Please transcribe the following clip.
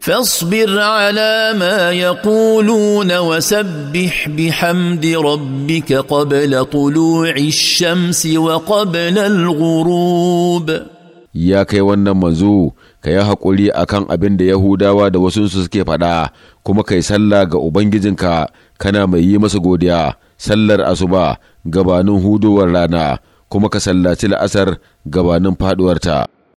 ya على na يقولون وسبح بحمد ربك قبل shamsi الشمس وقبل الغروب ya kai wannan manzo ka yi haƙuri a kan abinda da Yahudawa da wasunsu suke faɗa kuma kai sallah ga Ubangijinka kana mai yi masa godiya sallar asuba gabanin huduwar rana kuma ka sallaci la'asar gabanin faɗuwarta.